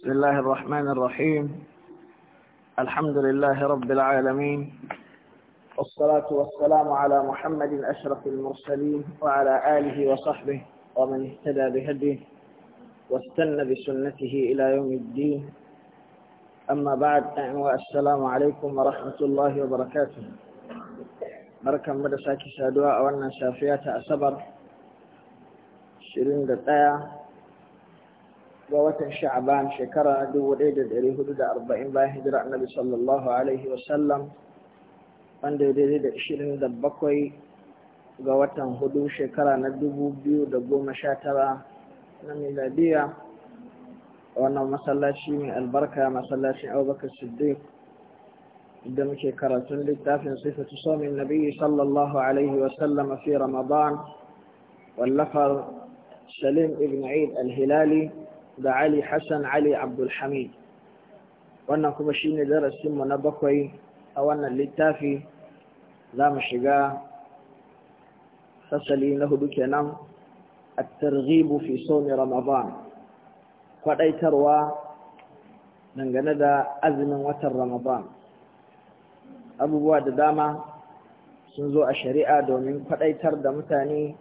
بسم الله الرحمن الرحيم الحمد لله رب العالمين والصلاة والسلام على محمد أشرف المرسلين وعلى آله وصحبه ومن اهتدى بهديه واستنى بسنته إلى يوم الدين أما بعد السلام عليكم ورحمة الله وبركاته بركة مدسة سادواء وانا شافيات أسبر شرين دتايا ga watan sha'aban shekara 1440 bayan hijira annabi sallallahu alaihi wasallam wanda ya daidai da ishirin da bakwai ga watan hudu shekara na dubu biyu da goma sha tara na miladiya wannan masallaci mai albarka masallacin abubakar siddiq da muke karatun littafin sifatu somin nabi sallallahu alaihi wasallam fi ramadan wallafar salim ibn aid al-hilali da Ali Hassan Ali Abdulhamid. Wannan kuma shi ne darasinmu na bakwai a wannan littafi za mu shiga fasali na hudu kenan a targhibu fi sauni Ramadan. Kwaɗaitarwa dangane da azumin watan Ramadan. Abubuwa da dama sun zo a shari'a domin kwaɗaitar da mutane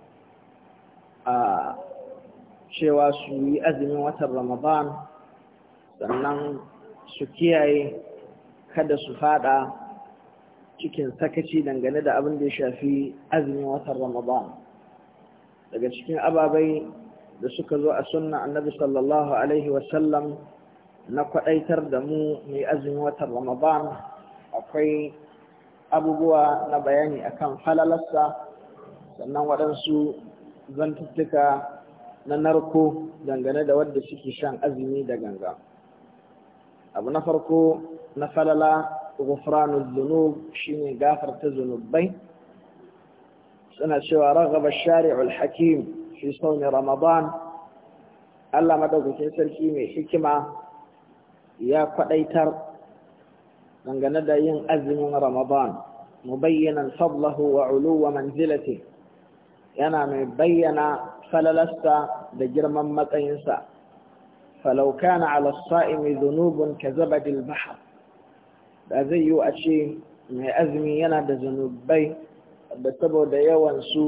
a cewa su yi azumin watan ramadan sannan su kiyaye kada su fada cikin sakaci dangane da abin da ya shafi azumin watan ramadan daga cikin ababai da suka zo a sunna annabi sallallahu alaihi wasallam na kwadaitar da mu mai azumin watan ramadan akwai abubuwa na bayani akan falalarsa sannan waɗansu zantuttuka na narko dangane da wadda suke shan azumi da ganga abu na farko na falala gufranu zunub shine gafarta zunubai suna cewa ragaba shari'ul hakim fi sawmi ramadan Allah madaukakin sarki mai hikima ya kwadaitar dangane da yin azumin ramadan mubayyanan fadlahu wa uluwa manzilatihi أنا من بينا فللست دجرما متينسا فلو كان على الصائم ذنوب كزبد البحر بازي يو من أزمي يانا بي بتبو ديوان سو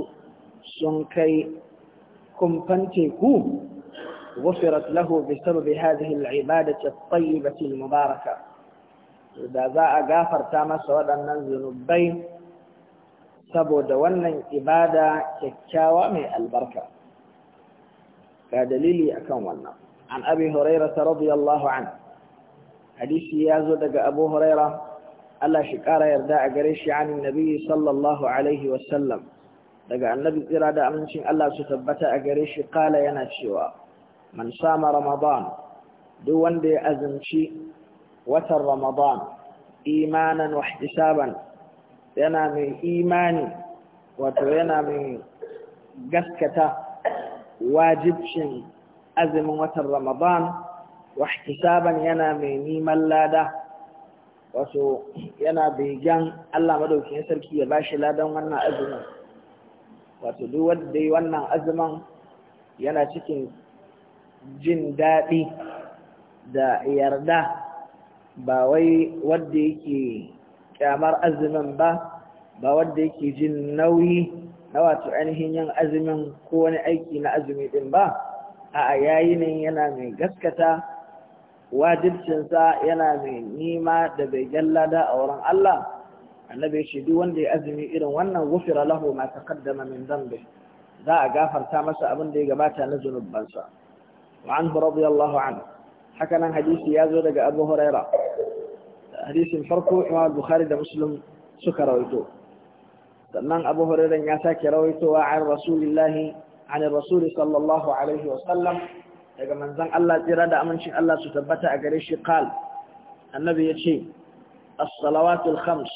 سنكي كم فانتي كوم غفرت له بسبب هذه العبادة الطيبة المباركة إذا ذا أغافر تاما سوى ننزل بين saboda wannan ibada kyakkyawa mai albarka ga dalili akan wannan an abi huraira radiyallahu an hadisi ya zo daga abu huraira Allah shi kara yarda a gare shi an nabi sallallahu alaihi wasallam daga annabi tsira da amincin Allah su tabbata a gare shi kala yana cewa man sama ramadan duk wanda ya azumci watan ramadan imanan wa ihtisaban yana mai imani wato yana mai gaskata wajibcin azumin watan ramadan wa hisaban yana mai neman lada wato yana begen Allah madaukin sarki ya bashi ladan wannan azumin wato duk wanda wannan azumin yana cikin jin daɗi da yarda ba wai wanda yake kyamar azumin ba ba wanda yake jin nauyi na wato ainihin yin azumin ko wani aiki na azumi din ba a yayi ne yana mai gaskata wajibcinsa yana mai nima da bai lada a wurin Allah annabi shi duk wanda ya azumi irin wannan gufira lahu ma taqaddama min dhanbi za a gafarta masa abin da ya gabata na zunubansa wa anhu radiyallahu anhu haka nan hadisi ya zo daga Abu Hurairah hadisin farko imam bukhari da muslim suka rawaito sannan abu hurairah ya sake rawaitowa an rasulillahi an rasuli sallallahu alaihi wa sallam daga manzon Allah tsira da amincin Allah su tabbata a gare shi qal annabi yace as-salawatul khams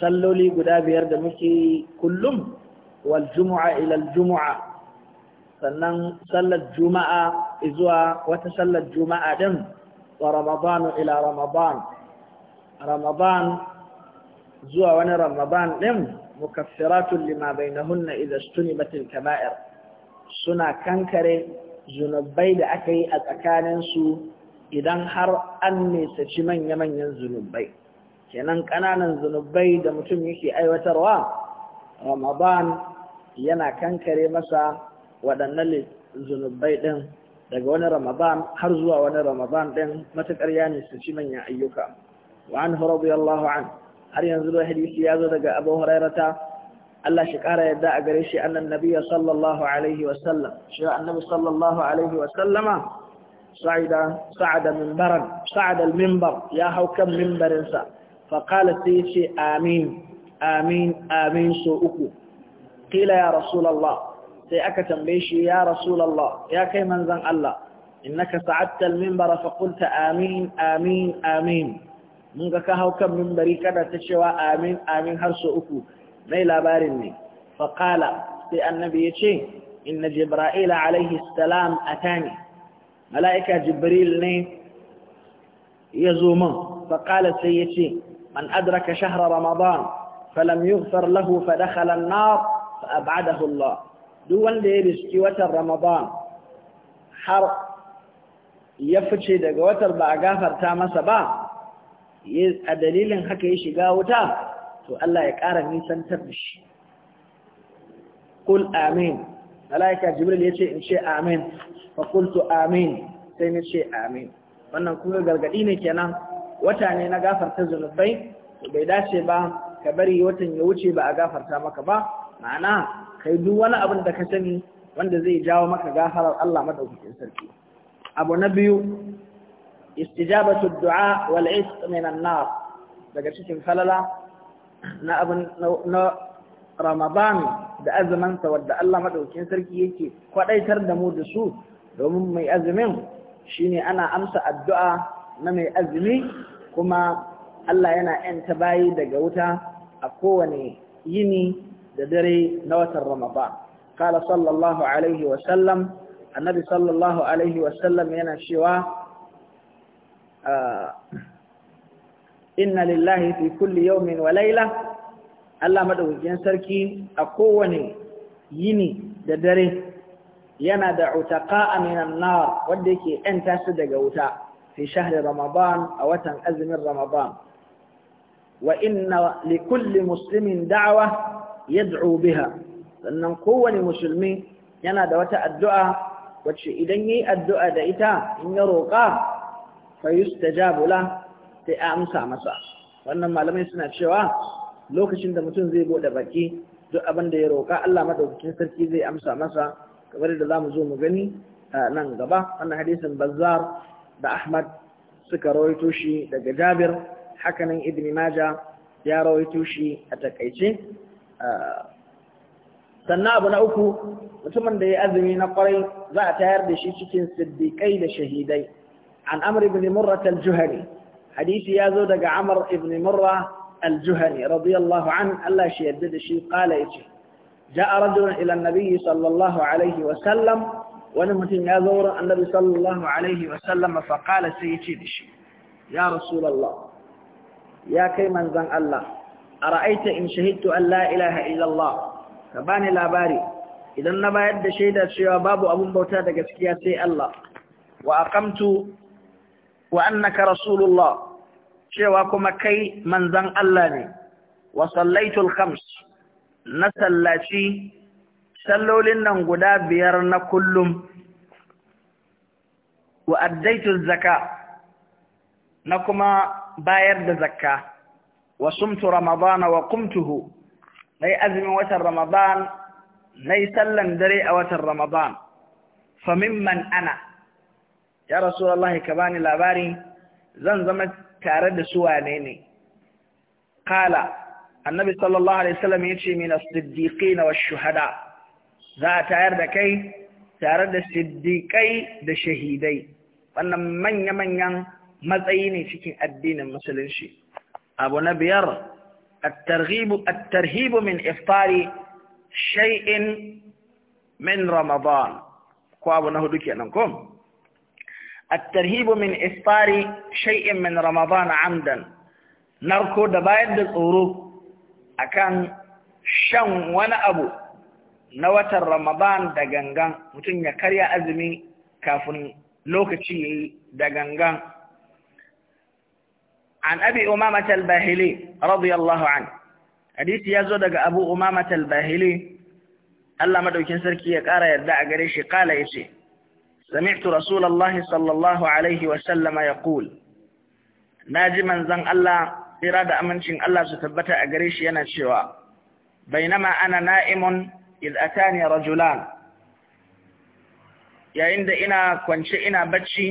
salloli guda biyar da muke kullum wal jumu'a ila al jumu'a sannan sallar juma'a zuwa wata sallar juma'a din wa ramadan ila ramadan ramadan zuwa wani ramadan ɗin mukaffiratun lima bainahunna idza istunibat al-kaba'ir suna kankare zunubai da aka yi a tsakanin su idan har an nisaci manya-manyan zunubai kenan ƙananan zunubai da mutum yake aiwatarwa ramadan yana kankare masa waɗannan zunubai ɗin daga wani ramadan har zuwa wani ramadan ɗin matuƙar ya nisaci manyan ayyuka وعنه رضي الله عنه هل ينزل حديث يسياد دقى أبو هريرة ألا شكار يدعى قريشي أن النبي صلى الله عليه وسلم شاء النبي صلى الله عليه وسلم صعد صعد منبرا صعد المنبر يا هو كم منبر انسى فقال سيشي آمين آمين آمين سوءكو قيل يا رسول الله سيأكا تنبيشي يا رسول الله يا كي منزن الله إنك صعدت المنبر فقلت آمين آمين آمين mun ga ka hau kan mimbari kada ta cewa amin amin har so uku mai labarin ne faƙala sai annabi ya ce inna jibra'ila alaihi salam atani mala'ika jibril ne ya zo min faƙala sai ya ce man adraka shahra ramadan falam yughfar lahu fa dakhala an-nar fa ab'adahu Allah duk wanda ya riski watan ramadan har ya fice daga watar ba a gafarta masa ba a dalilin haka ya shiga wuta to Allah ya ƙara nisantar da shi kul amin malaika jibril ya ce in ce amin fa qultu amin sai ni ce amin wannan kuma gargadi ne kenan wata ne na gafarta zunubai to bai dace ba ka bari watan ya wuce ba a gafarta maka ba ma'ana kai duk wani abin da ka sani wanda zai jawo maka gafarar Allah madaukakin sarki abu na biyu istijabatu du'a wal isq nar daga cikin falala na na da azumin sa wanda Allah madaukakin sarki yake kwaɗaitar da mu da su domin mai azumin shine ana amsa addu'a na mai azumi kuma Allah yana ‘yanta bayi daga wuta a kowane yini da dare na watan Ramadan. Kala sallallahu Alaihi wasallam, annabi sallallahu Alaihi wasallam yana cewa, inna lillahi fi kulli yawmin wa laila Allah madaukakin sarki a kowane yini da dare yana da utaqa'a minan nar wanda yake yanta su daga wuta fi shahri ramadan a watan azumin ramadan wa inna li kulli muslimin da'wa yad'u biha sannan kowane musulmi yana da wata addu'a wacce idan yayi addu'a da ita in ya roƙa fa yustajabu la sai amsa masa wannan malamai suna cewa lokacin da mutum zai bude baki duk abin da ya roka Allah madaukakin sarki zai amsa masa kamar da zamu zo mu gani nan gaba wannan hadisin Bazzar da Ahmad suka rawaito shi daga Jabir hakanan Ibn Majah ya rawaito shi a takaice sannan abu na uku mutumin da ya azumi na kwarai za a tayar da shi cikin siddiƙai da shahidai an amr ibn murra al hadisi ya zo daga amar ibni murra al-juhani radiyallahu an Allah shi yadda da shi qala yace ja'a rajulun ila an-nabi sallallahu alaihi wa sallam wani mutum ya zo wurin annabi sallallahu alaihi wa sallam fa ya kai manzon Allah ara'aita in shahidtu allah la ilaha illallah ka bani labari idan na bayar da shaida cewa babu abun bauta da gaskiya sai Allah wa aqamtu wa annaka rasulullah cewa kuma kai manzan Allah ne wa sallaitul khams na sallaci sallolin nan guda biyar na kullum wa addaitul zaka na kuma bayar da zakka wa sumtu ramadana wa qumtuhu nayi azumin watan ramadan nayi sallan dare a watan ramadan fa mimman ana ya rasulullahi ka bani labari zan zama tare da su wane ne qala annabi sallallahu alaihi wasallam yace min as na wash-shuhada za a tayar da kai tare da siddiqai da shahidai wannan manya-manyan matsayi ne cikin addinin musulunci abu na biyar min من إفطار min ramadan ko abu na hudu kenan ko? الترهيب من إفطار شيء من رمضان عمدا نركو دبايد الأورو أكان شن وانا أبو نوة رمضان دقنقان متن يكريا أزمي كافن لوكتشي دقنقان عن أبي أمامة الباهلي رضي الله عنه حديث يزود أبو أمامة الباهلي الله مدوكين سركي يقارى يدعى قريشي قال يسي سمعت رسول الله صلى الله عليه وسلم يقول ناجما زن الله إرادة أمنشن الله ستبت أقريش ينشوا بينما أنا نائم إذ أتاني رجلان يا عند إنا كونش إنا بتشي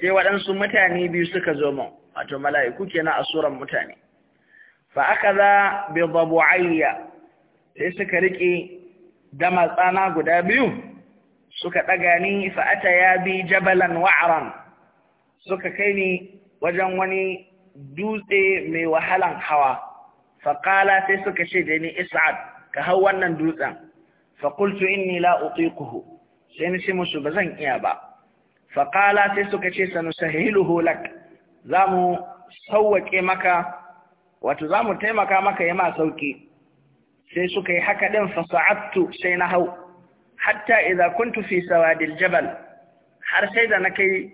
سوى أنسو متاني بيسك زومو أتو ملائكو كنا أصورا متاني فأخذ بضبعي ليس كريكي دمتانا قدابيو suka ɗaga ni fa'ata ya bi jabalan wa'aran suka kai ni wajen wani dutse mai wahalan hawa faƙala sai suka ce da ni isa'ad ka hau wannan dutsen faƙultu inni la kuhu sai ni ce musu ba zan iya ba faƙala sai suka ce sanusahiluhu lak za mu sauwaƙe maka wato za mu taimaka maka yama sauƙi sai suka yi haka ɗin fasa'attu sai na hau hatta idza kuntu fi sawadil jabal har sai da na kai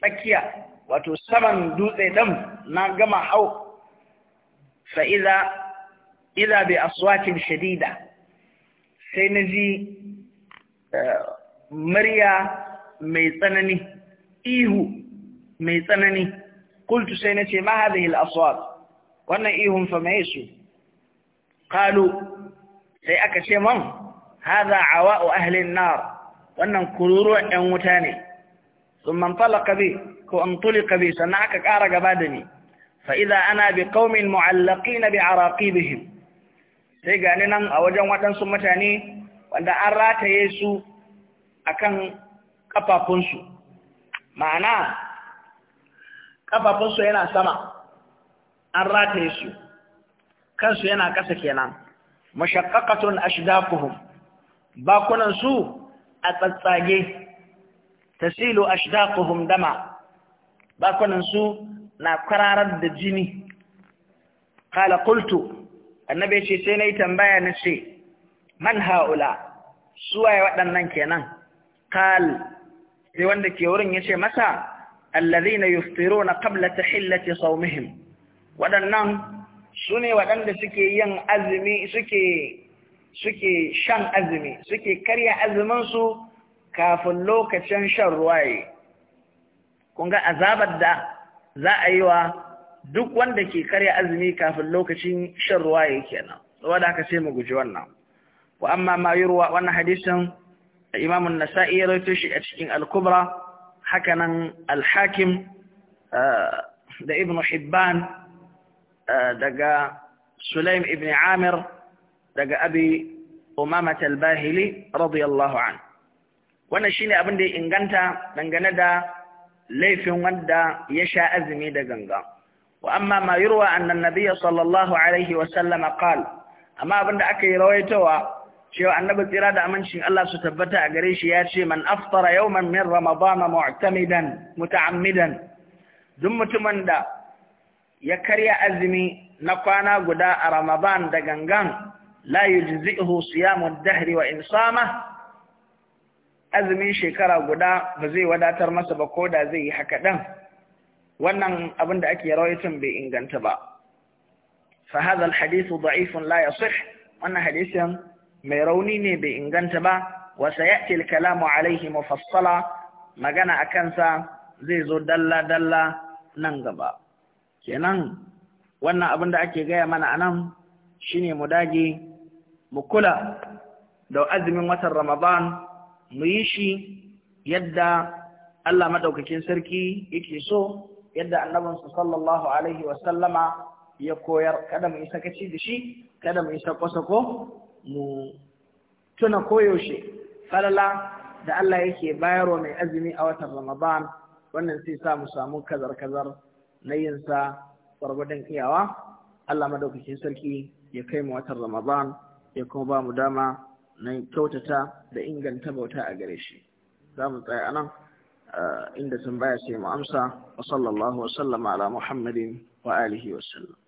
tsakiya wato saman dutse dan na gama hau fa idza idza bi aswatin shadida sai naji ji eh, murya mai tsanani ihu mai tsanani qultu sai nace ce ma hadhihi al aswat wannan ihun fa mai su qalu sai aka ce man hadha awa'u ahli an-nar wannan kururuwan ɗan wuta ne thumma intalaqa bi ko intalaqa bi sannan aka ƙara gaba da ni fa idza ana bi qaumin na bi araqibihim sai gani nan a wajen waɗansu mutane wanda an rataye su akan kafafunsu ma'ana kafafunsu yana sama an rataye su kansu yana ƙasa kenan mashaqqaqatun ashdaquhum bakunansu a tsatsage tasilu ashdaquhum dama bakunansu na kwararar da jini qala qultu annabi ce sai nayi tambaya na ce man haula suwaye waɗannan kenan qal sai wanda ke wurin yace masa alladhina yuftiruna qabla tahillati sawmihim waɗannan sune waɗanda suke yin azumi suke suke shan azumi suke karya azuminsu kafin lokacin shan ruwaye kunga azabar da za a yi wa duk wanda ke karya azumi kafin lokacin shan ruwa ruwaye kenan wadda aka sai mu guji wannan wa amma ma ruwa, wannan hadisin imam an-nasa'i ya rawaito shi a cikin al-kubra hakanan al-hakim eh, da ibnu hibban eh, daga sulaim ibn amir daga abi umama talbahili radiyallahu an wannan shine abin da ya inganta dangane da laifin wanda ya sha azumi da ganga wa amma ma yurwa annan nabiyya sallallahu alaihi wa sallama qal amma abin da aka yi rawaitowa cewa annabi tsira da amincin Allah su tabbata a gare shi ya ce man aftara yawman min ramadana mu'tamidan muta'ammidan duk mutumin da ya karya azumi na kwana guda a ramadan da gangan la yujzi'uhu siyamu dahri wa insama azumin shekara guda ba zai wadatar masa ba ko da zai yi haka ɗan wannan abin da ake rawaitun bai inganta ba fa hadha alhadith da'if la yasih wannan hadisin mai rauni ne bai inganta ba wa sayati alkalamu alayhi mufassala magana akan sa zai zo dalla dalla nan gaba kenan wannan abin da ake gaya mana anan shine mu dage mu kula da azumin watan Ramadan mu yi shi yadda Allah madaukakin sarki yake so yadda annabinsa sallallahu alaihi sallama ya koyar kada mu isa kaci da shi kada mu isa kwasako mu tuna koyaushe falala da Allah yake bayarwa mai azumi a watan Ramadan wannan sai sa mu samu kazar-kazar na yin sa gwargwadon iyawa Allah madaukakin sarki ya kai mu watan Ramadan ya kuma ba mu dama na kyautata da inganta bauta a gare shi za mu tsaya anan inda baya sai mu amsa wa sallallahu wa sallama ala muhammadin wa alihi wa sallam